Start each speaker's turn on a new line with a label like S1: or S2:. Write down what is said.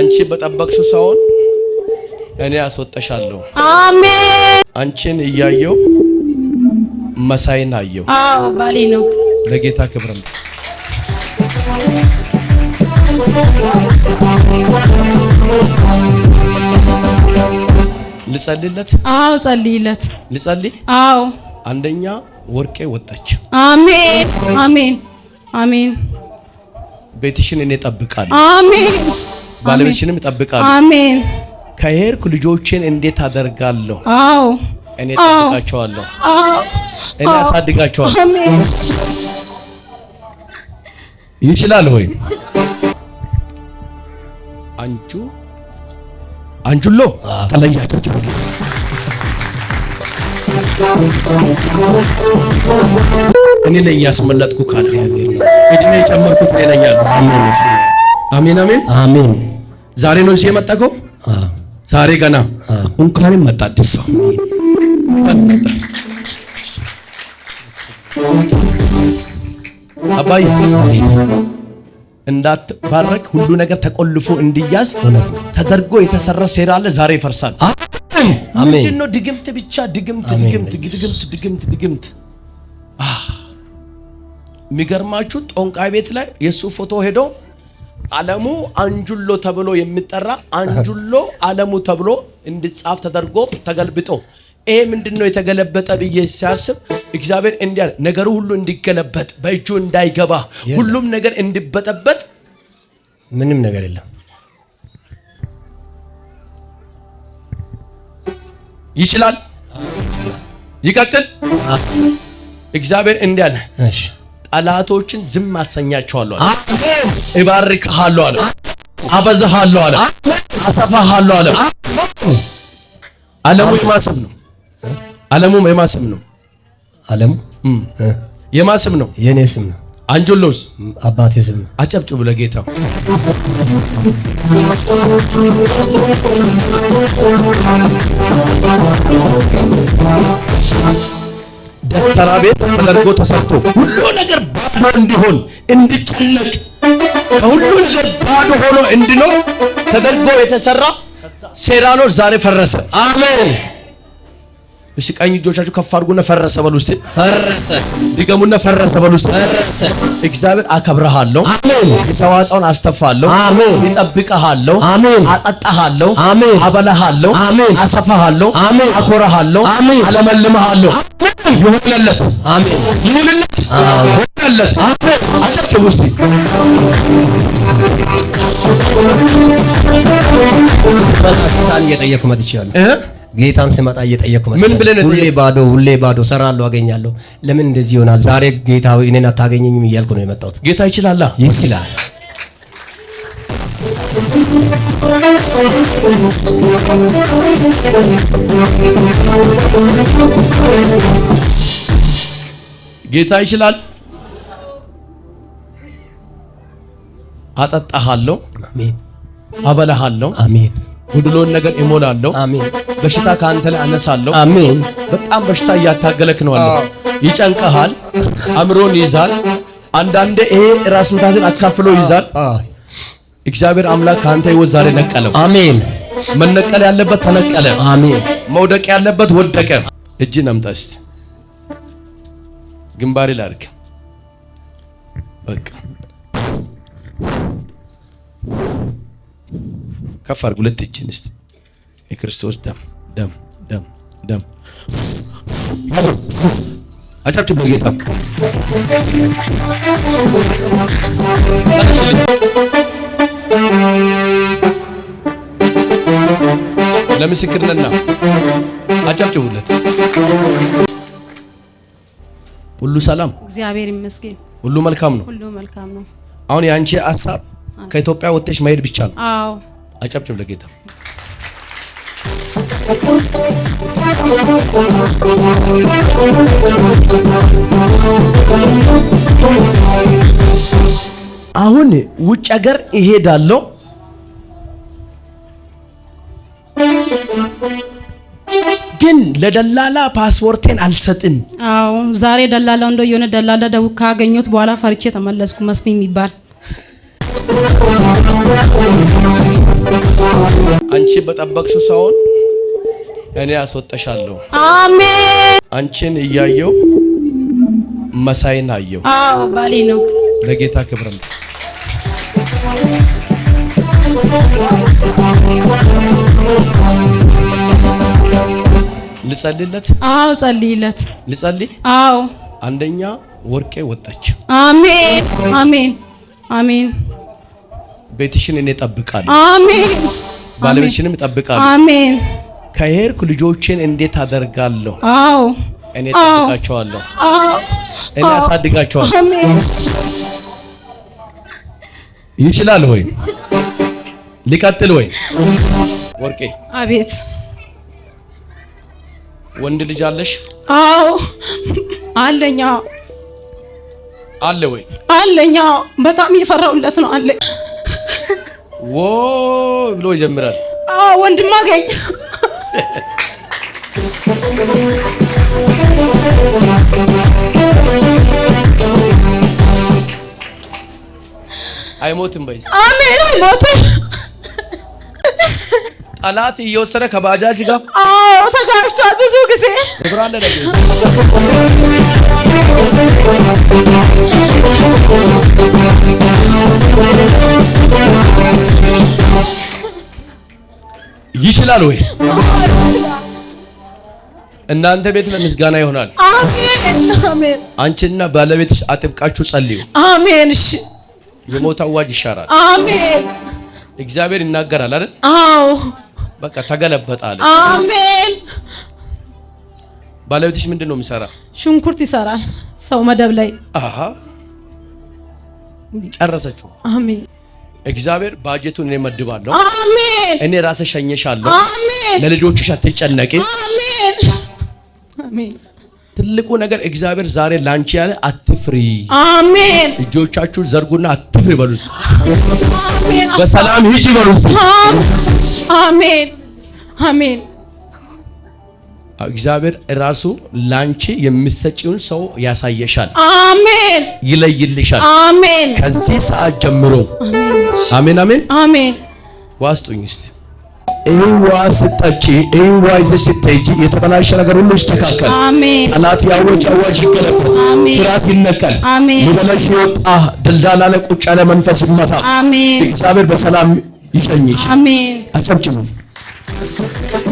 S1: አንቺ በጠበቅሽ ሰውን እኔ አስወጣሻለሁ።
S2: አሜን።
S1: አንቺን እያየው መሳይን አየው።
S2: አዎ ባሌ ነው።
S1: ለጌታ ክብር ነው። ልጸልይለት።
S2: አዎ ጸልይለት። ልጸልይ። አዎ
S1: አንደኛ ወርቄ ወጣች።
S2: አሜን አሜን አሜን።
S1: ቤትሽን እኔ ጠብቃለሁ። አሜን ባለቤትሽንም እጠብቃለሁ። አሜን። ከሄድኩ ልጆቼን እንዴት አደርጋለሁ? አዎ እኔ እጠብቃቸዋለሁ፣ እኔ አሳድጋቸዋለሁ። ይችላል ወይ አንቹ አንቹሎ ተለያቸው። እኔ ነኝ ያስመለጥኩ ካለ እድሜ የጨመርኩት እኔ ነኝ። አሜን አሜን አሜን። ዛሬ ነው እዚህ የመጣከው? ዛሬ ገና እንኳንም መጣ አዲስ አባይ እንዳትባረክ ሁሉ ነገር ተቆልፎ እንዲያዝ ተደርጎ የተሰራ ሴራ አለ። ዛሬ ይፈርሳል። ምንድን ነው ድግምት ብቻ ድግምት ድግምት ድግምት ድግምት ድግምት። የሚገርማችሁ ጦንቃይ ቤት ላይ የእሱ ፎቶ ሄደው አለሙ አንጁሎ ተብሎ የሚጠራ አንጁሎ አለሙ ተብሎ እንዲጻፍ ተደርጎ ተገልብጦ ይሄ ምንድን ነው የተገለበጠ ብዬ ሲያስብ እግዚአብሔር እንዲያ ነገሩ ሁሉ እንዲገለበጥ በእጁ እንዳይገባ ሁሉም ነገር እንዲበጠበጥ ምንም ነገር የለም። ይችላል። ይቀጥል። እግዚአብሔር እንዲያለ ጠላቶችን ዝም አሰኛቸዋለሁ አለ። እባርክሃለሁ አለ። አበዛሃለሁ አለ። አሰፋሃለሁ አለ። አለሙ የማስም ነው። አለሙ የማስም ነው። አለሙ የማስም ነው። የኔ ስም ነው። አንጆሎስ
S2: አባቴ ስም ነው።
S1: አጨብጭቡ ለጌታው። ደፍተራ ቤት ተደርጎ ተሰርቶ ሁሉ ነገር ባዶ እንዲሆን እንድጨነቅ ከሁሉ ነገር ባዶ ሆኖ እንድኖር ተደርጎ የተሰራ ሴራ ነው። ዛሬ ፈረሰ። አሜን። እሺ ቀኝ እጆቻችሁ ከፍ አድርጉና ፈረሰ በሉ እስቲ። ፈረሰ ድገሙና፣ ፈረሰ በሉ እስቲ። ፈረሰ። እግዚአብሔር አከብረሃለሁ። አሜን። የተዋጣውን አስተፋለሁ። አሜን። ይጠብቀሃለሁ። አሜን። አጠጣሃለሁ። አሜን። አበላሃለሁ። አሜን። አሰፋሃለሁ። አሜን። አኮራሃለሁ። አሜን። አለመልምሃለሁ። አሜን። ይሁንለት። አሜን። ይሁንለት። ይሁንለት። አሜን። አጨብጭቡ እስቲ። በጣም የጠየኩ መጥቻለሁ ያለሁ ጌታን ስመጣ እየጠየኩ መጣ። ምን ብለህ ሁሌ ባዶ ሁሌ ባዶ ሰራለሁ፣ አገኛለሁ። ለምን እንደዚህ ይሆናል? ዛሬ ጌታ ሆይ እኔን አታገኘኝም እያልኩ ነው የመጣሁት። ጌታ ይችላል፣ ይችላል። ጌታ ይችላል። አጠጣሃለሁ፣ አበላሃለሁ። አሜን ጉድሎን ነገር እሞላለሁ። አሜን። በሽታ ካንተ ላይ አነሳለሁ። አሜን። በጣም በሽታ እያታገለክ ነው አለ። ይጨንቀሃል፣ አእምሮን ይይዛል። አንዳንዴ ይሄ ራስ ምታትን አካፍሎ ይይዛል። እግዚአብሔር አምላክ ካንተ ህይወት ዛሬ ነቀለው። አሜን። መነቀል ያለበት ተነቀለ። አሜን። መውደቅ ያለበት ወደቀ። እጅ ነምጣስ እስቲ ግንባሬ በቃ ከፍ አድርግ ሁለት እጅን እስቲ የክርስቶስ ደም ደም ደም ደም አጫጭ በጌታ ለምስክርነና አጨብጭቡለት። ሁሉ ሰላም፣
S2: እግዚአብሔር ይመስገን። ሁሉ መልካም ነው። ሁሉ መልካም ነው።
S1: አሁን የአንቺ ሀሳብ ከኢትዮጵያ ወጥተሽ መሄድ ብቻ ነው። አዎ አጨብጭብ ለጌታ። አሁን ውጭ ሀገር እሄዳለሁ። ግን ለደላላ ፓስፖርቴን አልሰጥም።
S2: አዎ ዛሬ ደላላው እንደ የሆነ ደላላ ደቡብ ካገኘሁት በኋላ ፈርቼ ተመለስኩ። መስፍን የሚባል
S1: አንቺ በጠበቅሽው ሰውን እኔ አስወጣሻለሁ።
S2: አሜን።
S1: አንቺን እያየው መሳይን አየው።
S2: አዎ ባሌ ነው።
S1: ለጌታ ክብር ነው። ልጸልይለት?
S2: አዎ ጸልይለት። ልጸልይ? አዎ
S1: አንደኛ ወርቄ ወጣች።
S2: አሜን አሜን አሜን
S1: ቤትሽን እኔ እጠብቃለሁ። አሜን። ባለቤትሽንም እጠብቃለሁ። አሜን። ከሄድኩ ልጆችን እንዴት አደርጋለሁ? አዎ፣ እኔ እጠብቃቸዋለሁ። እኔ አሳድጋቸዋለሁ። አሜን። ይችላል ወይ? ሊቀጥል ወይ? ወርቄ። አቤት። ወንድ ልጅ አለሽ?
S2: አዎ አለኛ። አለ ወይ? አለኛ። በጣም እየፈራሁለት ነው። አለ
S1: ዎ ብሎ ይጀምራል።
S2: አዎ ወንድም አገኝ አይሞትም። በይ አሜን። አይሞትም።
S1: ጠላት እየወሰደ ከባጃጅ ጋር
S2: አዎ ተጋጭቷል። ብዙ ጊዜ
S1: ብራንደ ነገር ይችላል ወይ? እናንተ ቤት ለምስጋና ይሆናል።
S2: አሜን
S1: አንቺና ባለቤትሽ አጥብቃችሁ ጸልዩ። አሜን። እሺ፣ የሞት አዋጅ ይሻራል።
S2: አሜን።
S1: እግዚአብሔር ይናገራል አይደል? አዎ። በቃ ተገለበጣል።
S2: አሜን።
S1: ባለቤትሽ ምንድን ነው የሚሰራ?
S2: ሽንኩርት ይሰራል። ሰው መደብ ላይ።
S1: አሃ፣ ጨረሰችው። አሜን። እግዚአብሔር ባጀቱን እኔ መድባለሁ። አሜን። እኔ ራሴ ሸኘሻለሁ። አሜን። ለልጆችሽ አትጨነቂ። አሜን። አሜን። ትልቁ ነገር እግዚአብሔር ዛሬ ላንቺ ያለ አትፍሪ።
S2: አሜን።
S1: እጆቻችሁ ዘርጉና አትፍሪ በሉት። በሰላም ሂጂ በሉት።
S2: አሜን። አሜን።
S1: እግዚአብሔር ራሱ ላንቺ የሚሰጪውን ሰው ያሳየሻል። አሜን። ይለይልሻል። አሜን። ከዚህ ሰዓት ጀምሮ አሜን፣ አሜን፣ አሜን። ዋስጡኝ እስቲ ይህን ውሃ ስጠጪ፣ ይህን ይዘሽ ስትሄጂ የተበላሸ ነገር ሁሉ ይስተካከል። ጠላት ያወጅ አዋጅ ይገለበጥ፣ ፍርሃት ይነቀል። ሊበላሽ የወጣ ድልዳላ ላይ ቁጭ ያለ መንፈስ ይመታ። እግዚአብሔር በሰላም ይሸኝሽ። አሜን። አጨብጭሙ።